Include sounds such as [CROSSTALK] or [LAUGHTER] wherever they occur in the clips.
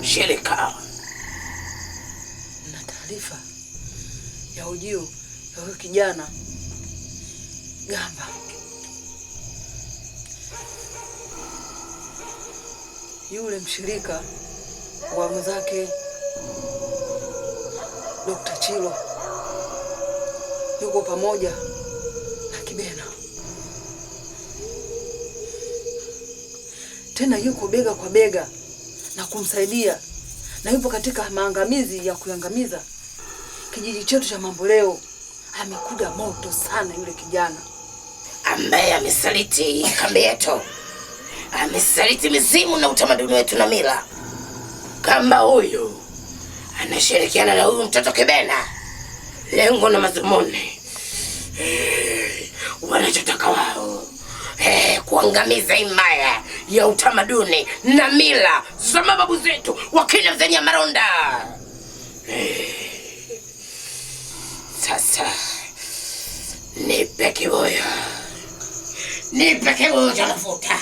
Shirika na taarifa ya ujio ya kijana Gamba yule mshirika wa mwenzake Dr. Chilo yuko pamoja na Kibena, tena yuko bega kwa bega na kumsaidia, na yupo katika maangamizi ya kuangamiza kijiji chetu cha Mamboleo. Amekuda moto sana yule kijana ambaye amesaliti kambi yetu, amesaliti mizimu na utamaduni wetu na mila. Kama huyu anashirikiana na huyu mtoto Kibena, lengo na madhumuni eh, wanachotaka wao eh, kuangamiza imaya ya utamaduni na mila za mababu zetu wakina zenye maronda eh, Sasa nipe kiboya 네 백해 오잖아 보다.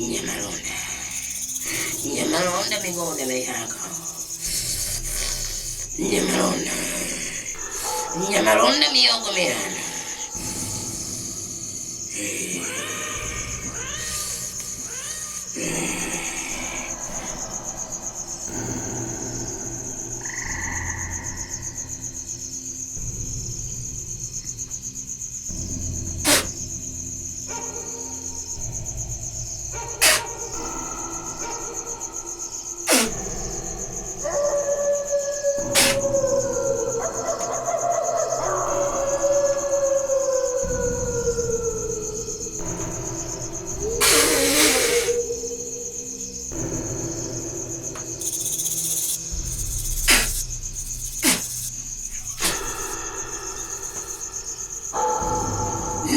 Nyamal onda, nyamal onda mi gonde mi haka. Nyamal onda, nyamal onda mi yoga mi hana.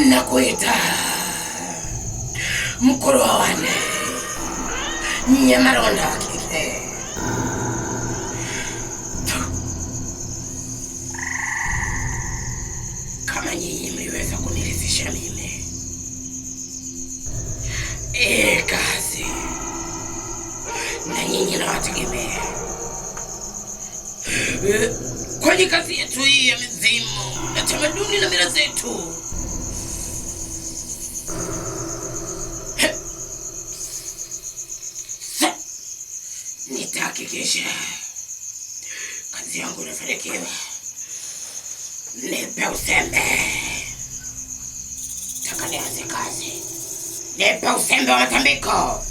nakuita mkulu wa wane Nyamaronda wa kike. Kama nyinyi mliweza kuniridhisha mimi, ee kazi na nyinyi nawategemea e, kwenye kazi yetu hii ya mizimu na tamaduni na mila zetu. hakikisha kazi yangu inafanikiwa. Nipe usembe, taka nianze kazi. Nipe usembe wa matambiko.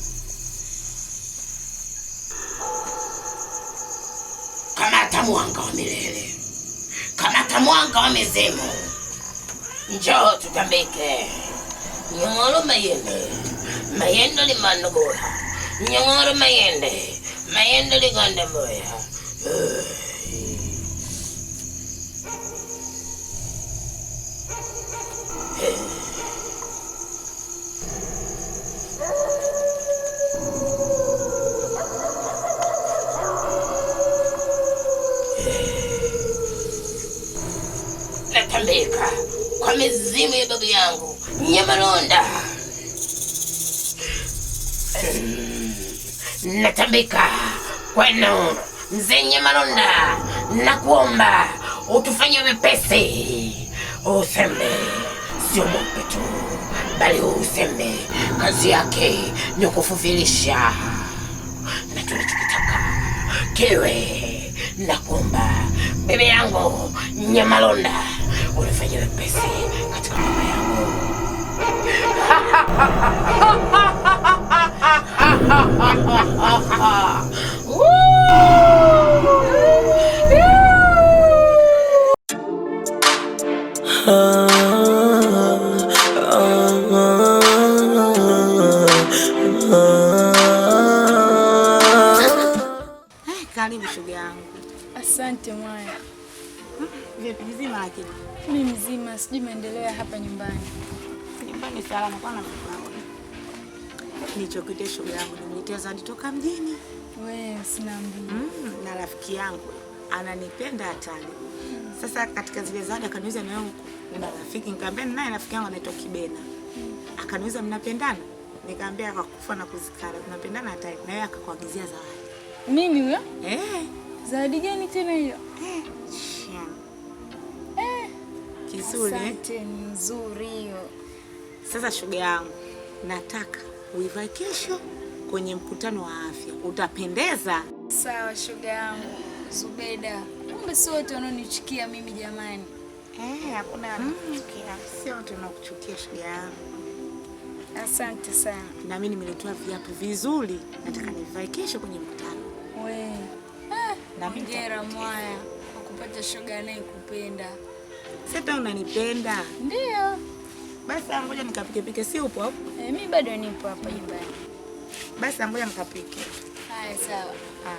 Kamata mwanga wa milele, kamata mwanga wa mizimu. Njoo tutambike nyong'oro mayende mayendo ni manogora nyong'oro mayende മയണ്ടടി കണ്ടം പോയ natambika kwa mizimu ya babu yangu Nyamaronda, natambika kwenu mzenye malonda, na kuomba utufanye wepesi. useme sio mweupe tu, bali useme kazi yake ni kufufilisha, na tulichokitaka kiwe na kuomba. Bebe yangu Nyamalonda, ulifanya wepesi katika mambo yangu [LAUGHS] hapa nyumbani? Nyumbani salama bwana. Nichokitie shughuli yangu nimletea zawadi toka mjini. Wewe sina Mm, na rafiki yangu ananipenda hatari. Mm. Sasa katika zile zawadi akaniuliza na yangu na rafiki nikamwambia naye rafiki yangu anaitwa Kibena. Mm. Akaniuliza mnapendana? Nikamwambia kufa na kuzikara. Tunapendana hatari. Na yeye akakuagizia zawadi. Mimi huyo? Eh. Zawadi gani tena hiyo? Eh. Shia kizuri. Asante, nzuri hiyo. Sasa shoga yangu, nataka uivae kesho kwenye mkutano wa afya, utapendeza. Sawa shoga yangu. Zubeda, kumbe si wote wanaonichukia mimi jamani. Eh, hakuna hmm. Sio wote wanakuchukia shoga yangu. Asante sana. Na mimi nimeletewa viatu vizuri, nataka nivae kesho kwenye mkutano. Wewe. Ah, hongera mwaya kwa kupata shoga anayekupenda. Sasa unanipenda? Ndio. Basi ngoja nikapike pike, si upo hapo? Eh, mimi bado nipo hapa nyumbani. Basi ngoja nikapike. Haya, sawa. Ah.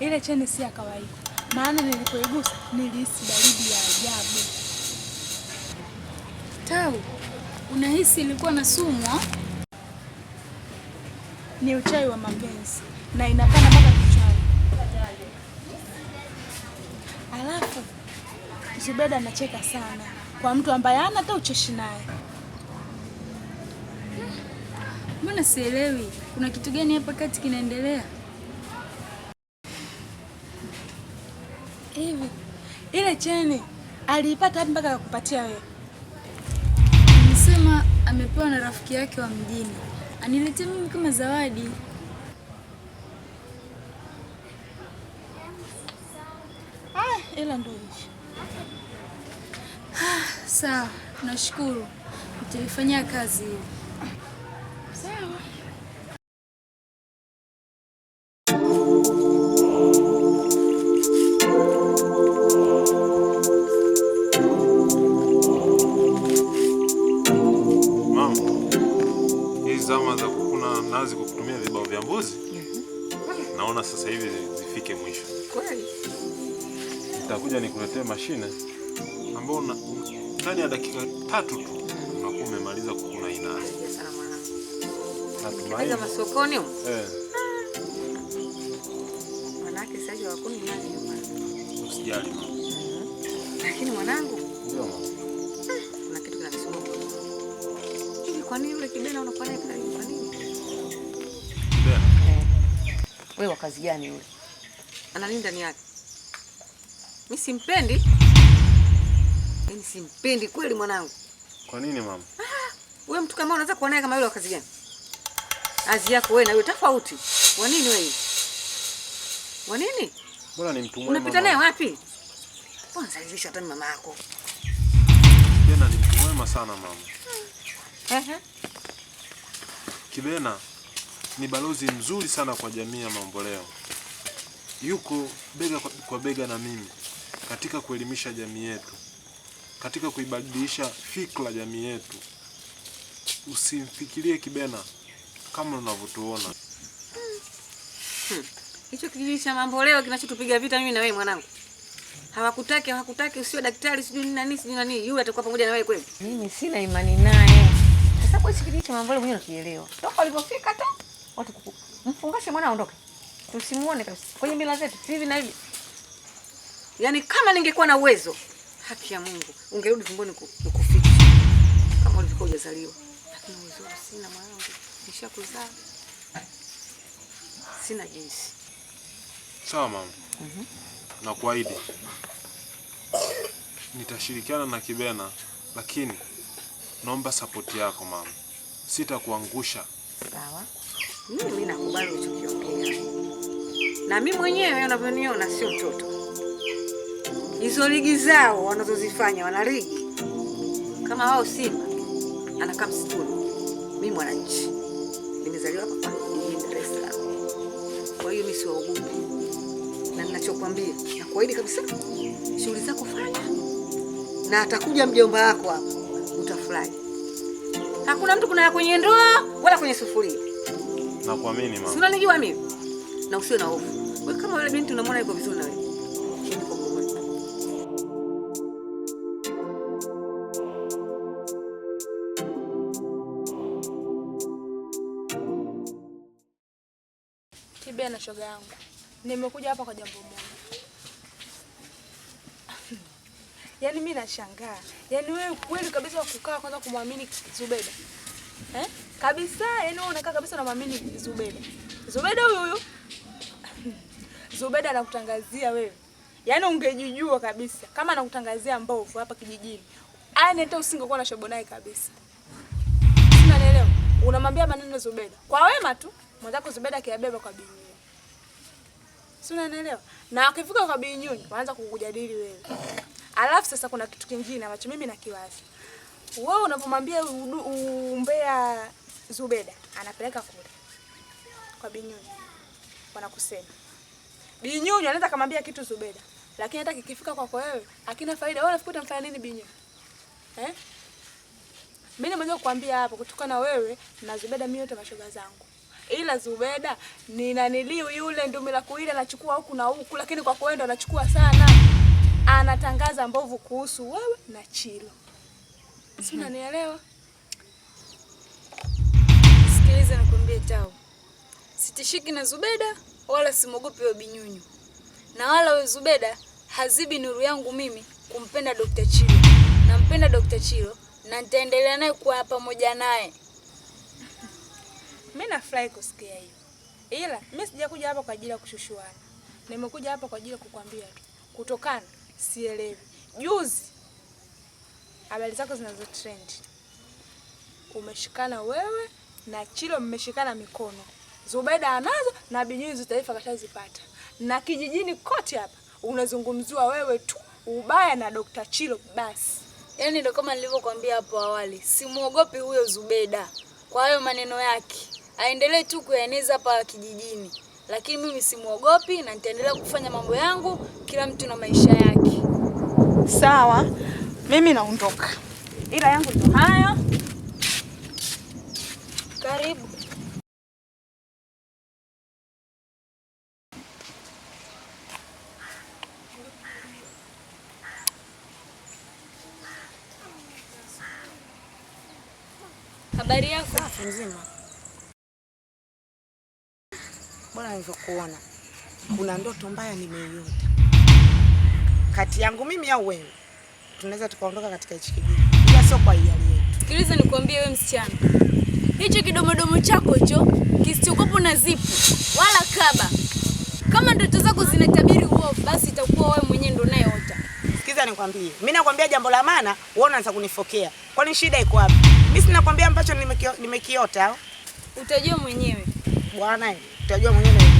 Ile cheni si ya kawaida, maana nilipoigusa nilihisi baridi ya ajabu uchawi? unahisi ilikuwa na sumu? Ni uchawi wa mapenzi na inapanda mpaka kichwani. Alafu Zubeda anacheka sana kwa mtu ambaye hana hata ucheshi naye. Mbona sielewi, kuna kitu gani hapa kati kinaendelea hivi? Ile cheni aliipata mpaka akupatia wewe? amepewa na rafiki yake wa mjini. aniletee mimi kama zawadi. Ah, ila ndo hivi. Ah, sawa, nashukuru. Mtalifanyia kazi hiyo. kuna nazi kwa kutumia vibao vya mbuzi mhm. Naona sasa hivi zifike mwisho. Kweli nitakuja nikuletee mashine ambayo ndani ya dakika tatu tu mhm. unakuwa umemaliza kukuna inazi. Kaza masokoni eh, ah. manake sasa wakuni nani nyumbani, usijali mhm. lakini mwanangu, ndio mama, ah, kuna kitu kinanisumbua. Hivi kwa nini yule kibena unakuwa naye Kwa nini? wewe wa kazi gani yule? Ana nini ndani yake? Mimi simpendi. Yaani simpendi kweli mwanangu. Kwa nini mama? Ah, wewe mtu kama unaweza kuwa naye kama yule wa kazi gani? Kazi yako wewe na yule tofauti. Kwa nini wewe? Kwa nini? Mbona ni mtu mwema? Unapita naye wapi? Mbona zalisha hata mama yako? Kibena ni mtu mwema sana mama. Ehe. Kibena ni balozi mzuri sana kwa jamii ya Mamboleo. Yuko bega kwa bega na mimi katika kuelimisha jamii yetu, katika kuibadilisha fikra jamii yetu. Usimfikirie Kibena kama unavyotuona hicho hmm. Kijiji cha Mamboleo kinachotupiga vita mimi na wewe mwanangu, hawakutaki hawakutaki, usiwe daktari sijui nani sijui nani, yule atakuwa pamoja na wewe kweli? Mimi sina imani naye, kwa sababu hicho kijiji cha Mamboleo mwenyewe nakielewa toka alipofika tu watu kuku. Mfungashe mwana aondoke. Tusimuone kabisa. Kwenye mila zetu hivi na hivi. Yaani kama ningekuwa na uwezo, haki ya Mungu, ungerudi tumboni kukufika. Kama ulivyokuwa hujazaliwa. Lakini uwezo sina mwanangu. Nishakuzaa. Sina jinsi. Sawa mama. Mhm. Mm na kuahidi nitashirikiana na Kibena, lakini naomba sapoti yako mama, sitakuangusha. Sawa. Mimi nakubali uchokiongea, na mimi mwenyewe unavyoniona sio mtoto. Hizo ligi zao wanazozifanya, wana ligi kama wao. Simba anakaa msituni, mimi mwananchi, nimezaliwa hapa jijini Dar es Salaam. Kwa hiyo mimi siwaogopi, na ninachokwambia nakuahidi kabisa, shughuli zako fanya, na atakuja mjomba wako hapa, utafurahi. Hakuna mtu kuna kwenye ndoa wala kwenye sufuria. Nakuamini mama. Si unanijua mimi? Na usiwe na hofu. Wewe kama yule binti unamwona yuko vizuri na wewe. Tibia na shoga yangu. Nimekuja hapa kwa jambo moja. [LAUGHS] Yaani mimi nashangaa. Yaani wewe kweli kabisa kukaa kwanza kumwamini Zubeda. Eh? kabisa, yani wewe unakaa kabisa unamwamini Zubeda. Zubeda huyu huyu. Zubeda anakutangazia wewe. Yaani ungejijua kabisa kama anakutangazia mbovu hapa kijijini. Yaani hata usingekuwa na shobo naye kabisa. Unanielewa? Unamwambia maneno Zubeda. Kwa wema tu, mwenzako Zubeda akiyabeba kwa binyuni. Si unanielewa? Na akifika kwa binyuni, waanza kukujadili wewe. Alafu sasa kuna kitu kingine ambacho mimi nakiwaza. Wewe unapomwambia umbea Zubeda anapeleka kule kwa Binyunyu, wanakusema Binyunyu anaweza akamwambia kitu Zubeda, lakini hata kikifika kwako wewe hakina faida. Wewe unafikiri utamfanya nini Binyunyu eh? Mimi nimeweza kukwambia hapo, kutokana na wewe na Zubeda, mimi yote mashoga zangu, ila Zubeda ni naniliu yule ndumila kuile anachukua huku na huku, lakini kwa wewe anachukua sana, anatangaza mbovu kuhusu wewe na Chilo, si mhm. unanielewa? nisikilize, nikwambie Tau, sitishiki na Zubeda wala simogopi wabinyunyu Binyunyu, na wala we Zubeda hazibi nuru yangu mimi kumpenda Dokta Chilo. Nampenda Dokta Chilo na nitaendelea naye kuwa pamoja naye. Mimi nafurahi kusikia hiyo, ila mimi sijakuja hapa kwa ajili ya kushushuana. Nimekuja hapa kwa ajili ya kukwambia tu, kutokana sielewi juzi habari zako zinazo trend umeshikana wewe na Chilo mmeshikana mikono. Zubeda anazo na Binyuzi za taifa kashazipata, na kijijini kote hapa unazungumziwa wewe tu ubaya na Dokta Chilo basi. Yaani ndio kama nilivyokuambia hapo awali, simwogopi huyo Zubeda kwa hayo maneno yake, aendelee tu kuyaeneza hapa kijijini, lakini mimi simwogopi na nitaendelea kufanya mambo yangu, kila mtu na maisha yake. Sawa, mimi naondoka, ila yangu ndo hayo. Karibu. Habari yako? Safi nzima. Bwana, nilivyokuona kuna ndoto mbaya nimeiota kati yangu mimi au wewe, tunaweza tukaondoka katika hichi kijiji, ila sio kwa hiari yetu. Sikiliza nikwambie, wewe msichana hicho kidomodomo chako cho kisichokuwa na zipu wala kaba. Kama ndoto zako zinatabiri uovu, basi itakuwa wewe mwenyewe ndo unayeota. Sikiza nikwambie, mimi nakwambia jambo la maana, wewe unaanza kunifokea. Kwani shida iko wapi? Mimi nakwambia ambacho nimekiota. utajua mwenyewe bwana, utajua mwenyewe.